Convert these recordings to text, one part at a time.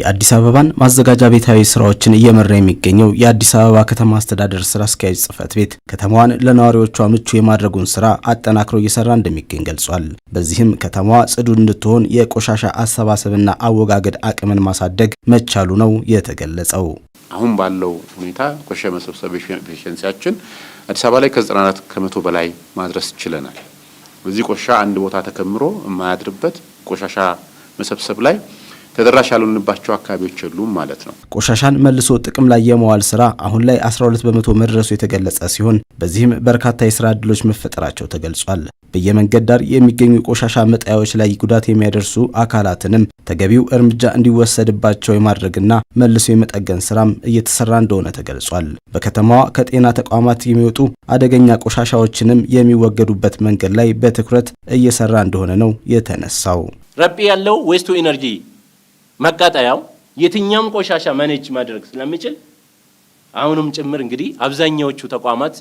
የአዲስ አበባን ማዘጋጃ ቤታዊ ስራዎችን እየመራ የሚገኘው የአዲስ አበባ ከተማ አስተዳደር ስራ አስኪያጅ ጽህፈት ቤት ከተማዋን ለነዋሪዎቿ ምቹ የማድረጉን ስራ አጠናክሮ እየሰራ እንደሚገኝ ገልጿል። በዚህም ከተማዋ ጽዱ እንድትሆን የቆሻሻ አሰባሰብና አወጋገድ አቅምን ማሳደግ መቻሉ ነው የተገለጸው። አሁን ባለው ሁኔታ ቆሻሻ መሰብሰብ ኤፊሽንሲያችን አዲስ አበባ ላይ ከ94 ከመቶ በላይ ማድረስ ችለናል። በዚህ ቆሻሻ አንድ ቦታ ተከምሮ የማያድርበት ቆሻሻ መሰብሰብ ላይ ተደራሽ ያልሆንባቸው አካባቢዎች የሉም ማለት ነው። ቆሻሻን መልሶ ጥቅም ላይ የመዋል ስራ አሁን ላይ 12 በመቶ መድረሱ የተገለጸ ሲሆን በዚህም በርካታ የስራ ዕድሎች መፈጠራቸው ተገልጿል። በየመንገድ ዳር የሚገኙ ቆሻሻ መጣያዎች ላይ ጉዳት የሚያደርሱ አካላትንም ተገቢው እርምጃ እንዲወሰድባቸው የማድረግና መልሶ የመጠገን ስራም እየተሰራ እንደሆነ ተገልጿል። በከተማዋ ከጤና ተቋማት የሚወጡ አደገኛ ቆሻሻዎችንም የሚወገዱበት መንገድ ላይ በትኩረት እየሰራ እንደሆነ ነው የተነሳው። ረቢ ያለው ዌስቱ ኢነርጂ መቃጠያው የትኛውም ቆሻሻ መነጅ ማድረግ ስለሚችል አሁንም ጭምር እንግዲህ አብዛኛዎቹ ተቋማት፣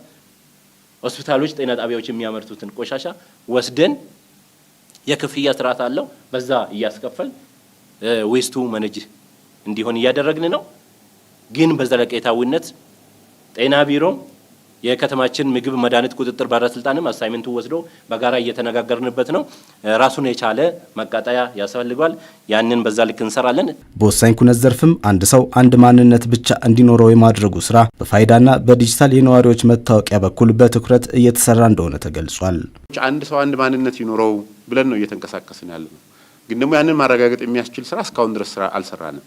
ሆስፒታሎች፣ ጤና ጣቢያዎች የሚያመርቱትን ቆሻሻ ወስደን የክፍያ ስርዓት አለው። በዛ እያስከፈል ዌስቱ መነጅ እንዲሆን እያደረግን ነው። ግን በዘለቄታዊነት ጤና ቢሮም የከተማችን ምግብ መድኃኒት ቁጥጥር ባለስልጣንም አሳይመንቱ ወስዶ በጋራ እየተነጋገርንበት ነው። ራሱን የቻለ መቃጠያ ያስፈልገዋል። ያንን በዛ ልክ እንሰራለን። በወሳኝ ኩነት ዘርፍም አንድ ሰው አንድ ማንነት ብቻ እንዲኖረው የማድረጉ ስራ በፋይዳና በዲጂታል የነዋሪዎች መታወቂያ በኩል በትኩረት እየተሰራ እንደሆነ ተገልጿል። አንድ ሰው አንድ ማንነት ይኖረው ብለን ነው እየተንቀሳቀስን ያለ ነው። ግን ደግሞ ያንን ማረጋገጥ የሚያስችል ስራ እስካሁን ድረስ አልሰራንም።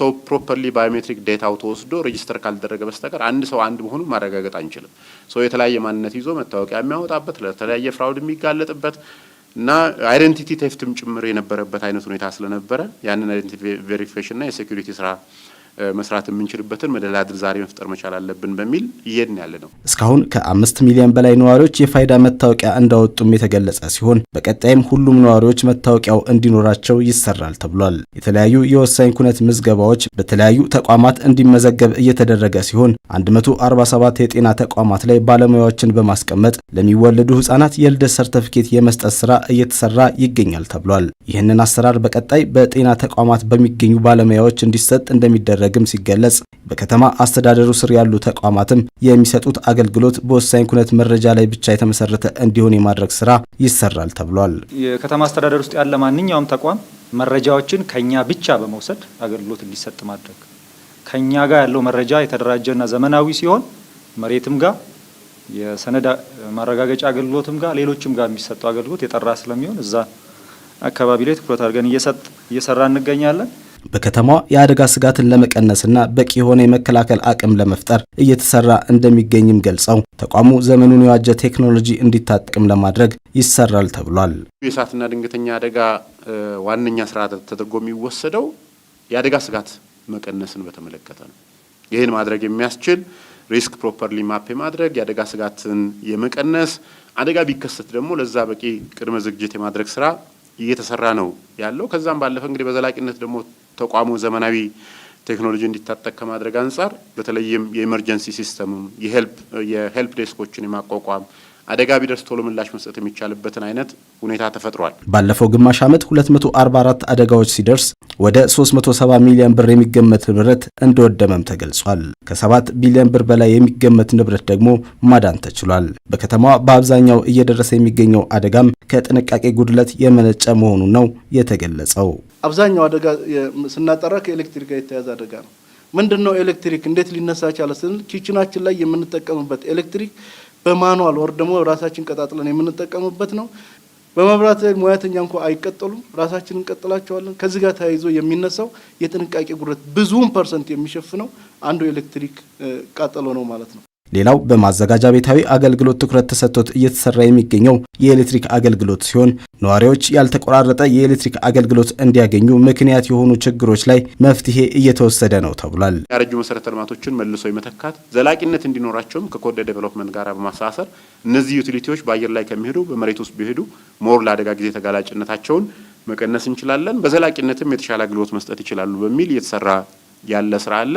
ሰው ፕሮፐርሊ ባዮሜትሪክ ዴታው ተወስዶ ሬጅስተር ካልደረገ በስተቀር አንድ ሰው አንድ መሆኑ ማረጋገጥ አንችልም። ሰው የተለያየ ማንነት ይዞ መታወቂያ የሚያወጣበት ለተለያየ ፍራውድ የሚጋለጥበት እና አይደንቲቲ ቴፍትም ጭምር የነበረበት አይነት ሁኔታ ስለነበረ ያንን አይደንቲቲ ቬሪፊኬሽን እና የሴኩሪቲ ስራ መስራት የምንችልበትን መደላድል ዛሬ መፍጠር መቻል አለብን በሚል እየሄድን ያለ ነው። እስካሁን ከአምስት ሚሊዮን በላይ ነዋሪዎች የፋይዳ መታወቂያ እንዳወጡም የተገለጸ ሲሆን በቀጣይም ሁሉም ነዋሪዎች መታወቂያው እንዲኖራቸው ይሰራል ተብሏል። የተለያዩ የወሳኝ ኩነት ምዝገባዎች በተለያዩ ተቋማት እንዲመዘገብ እየተደረገ ሲሆን 147 የጤና ተቋማት ላይ ባለሙያዎችን በማስቀመጥ ለሚወለዱ ህጻናት የልደት ሰርተፍኬት የመስጠት ስራ እየተሰራ ይገኛል ተብሏል። ይህንን አሰራር በቀጣይ በጤና ተቋማት በሚገኙ ባለሙያዎች እንዲሰጥ እንደሚደረግ እንደሚደረግም ሲገለጽ በከተማ አስተዳደሩ ስር ያሉ ተቋማትም የሚሰጡት አገልግሎት በወሳኝ ኩነት መረጃ ላይ ብቻ የተመሰረተ እንዲሆን የማድረግ ስራ ይሰራል ተብሏል። የከተማ አስተዳደር ውስጥ ያለ ማንኛውም ተቋም መረጃዎችን ከኛ ብቻ በመውሰድ አገልግሎት እንዲሰጥ ማድረግ ከኛ ጋር ያለው መረጃ የተደራጀና ዘመናዊ ሲሆን መሬትም ጋር የሰነድ ማረጋገጫ አገልግሎትም ጋር ሌሎችም ጋር የሚሰጠው አገልግሎት የጠራ ስለሚሆን እዛ አካባቢ ላይ ትኩረት አድርገን እየሰራ እንገኛለን። በከተማዋ የአደጋ ስጋትን ለመቀነስና በቂ የሆነ የመከላከል አቅም ለመፍጠር እየተሰራ እንደሚገኝም ገልጸው ተቋሙ ዘመኑን የዋጀ ቴክኖሎጂ እንዲታጠቅም ለማድረግ ይሰራል ተብሏል። የእሳትና ድንገተኛ አደጋ ዋነኛ ስርዓት ተደርጎ የሚወሰደው የአደጋ ስጋት መቀነስን በተመለከተ ነው። ይህን ማድረግ የሚያስችል ሪስክ ፕሮፐርሊ ማፕ የማድረግ የአደጋ ስጋትን የመቀነስ አደጋ ቢከሰት ደግሞ ለዛ በቂ ቅድመ ዝግጅት የማድረግ ስራ እየተሰራ ነው ያለው። ከዛም ባለፈ እንግዲህ በዘላቂነት ደግሞ ተቋሙ ዘመናዊ ቴክኖሎጂ እንዲታጠቅ ከማድረግ አንጻር በተለይም የኢመርጀንሲ ሲስተሙ የሄልፕ ዴስኮችን የማቋቋም አደጋ ቢደርስ ቶሎ ምላሽ መስጠት የሚቻልበትን አይነት ሁኔታ ተፈጥሯል። ባለፈው ግማሽ ዓመት 244 አደጋዎች ሲደርስ ወደ 370 ሚሊዮን ብር የሚገመት ንብረት እንደወደመም ተገልጿል። ከ7 ቢሊዮን ብር በላይ የሚገመት ንብረት ደግሞ ማዳን ተችሏል። በከተማዋ በአብዛኛው እየደረሰ የሚገኘው አደጋም ከጥንቃቄ ጉድለት የመነጨ መሆኑን ነው የተገለጸው። አብዛኛው አደጋ ስናጠራ ከኤሌክትሪክ ጋር የተያዘ አደጋ ነው። ምንድን ነው ኤሌክትሪክ እንዴት ሊነሳ ቻለ ስንል ኪችናችን ላይ የምንጠቀምበት ኤሌክትሪክ በማኑዋል ወር ደግሞ ራሳችን ቀጣጥለን የምንጠቀምበት ነው። በመብራት ላይ ሙያተኛ እንኳ አይቀጠሉም። ራሳችንን እንቀጥላቸዋለን። ከዚህ ጋር ተያይዞ የሚነሳው የጥንቃቄ ጉድለት ብዙውን ፐርሰንት የሚሸፍነው አንዱ ኤሌክትሪክ ቃጠሎ ነው ማለት ነው። ሌላው በማዘጋጃ ቤታዊ አገልግሎት ትኩረት ተሰጥቶት እየተሰራ የሚገኘው የኤሌክትሪክ አገልግሎት ሲሆን ነዋሪዎች ያልተቆራረጠ የኤሌክትሪክ አገልግሎት እንዲያገኙ ምክንያት የሆኑ ችግሮች ላይ መፍትሄ እየተወሰደ ነው ተብሏል። ያረጁ መሰረተ ልማቶችን መልሶ የመተካት ዘላቂነት እንዲኖራቸውም ከኮደ ዴቨሎፕመንት ጋር በማስተሳሰር እነዚህ ዩቲሊቲዎች በአየር ላይ ከሚሄዱ በመሬት ውስጥ ቢሄዱ ሞር ለአደጋ ጊዜ ተጋላጭነታቸውን መቀነስ እንችላለን፣ በዘላቂነትም የተሻለ አገልግሎት መስጠት ይችላሉ በሚል እየተሰራ ያለ ስራ አለ።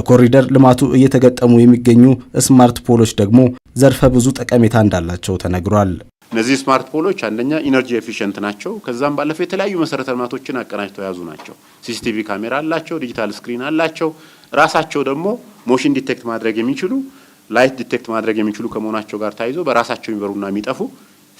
በኮሪደር ልማቱ እየተገጠሙ የሚገኙ ስማርት ፖሎች ደግሞ ዘርፈ ብዙ ጠቀሜታ እንዳላቸው ተነግሯል። እነዚህ ስማርት ፖሎች አንደኛ ኢነርጂ ኤፊሽንት ናቸው። ከዛም ባለፈ የተለያዩ መሰረተ ልማቶችን አቀናጅተው የያዙ ናቸው። ሲሲቲቪ ካሜራ አላቸው፣ ዲጂታል ስክሪን አላቸው። ራሳቸው ደግሞ ሞሽን ዲቴክት ማድረግ የሚችሉ ላይት ዲቴክት ማድረግ የሚችሉ ከመሆናቸው ጋር ተያይዞ በራሳቸው የሚበሩና የሚጠፉ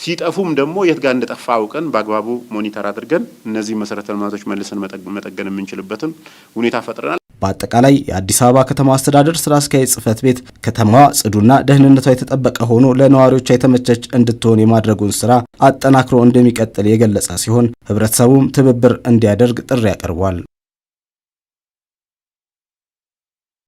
ሲጠፉም ደግሞ የት ጋር እንደጠፋ አውቀን በአግባቡ ሞኒተር አድርገን እነዚህ መሰረተ ልማቶች መልሰን መጠገን የምንችልበትም ሁኔታ ፈጥረናል። በአጠቃላይ የአዲስ አበባ ከተማ አስተዳደር ስራ አስኪያጅ ጽህፈት ቤት ከተማዋ ጽዱና ደህንነቷ የተጠበቀ ሆኖ ለነዋሪዎቿ የተመቸች እንድትሆን የማድረጉን ስራ አጠናክሮ እንደሚቀጥል የገለጸ ሲሆን ህብረተሰቡም ትብብር እንዲያደርግ ጥሪ አቅርቧል።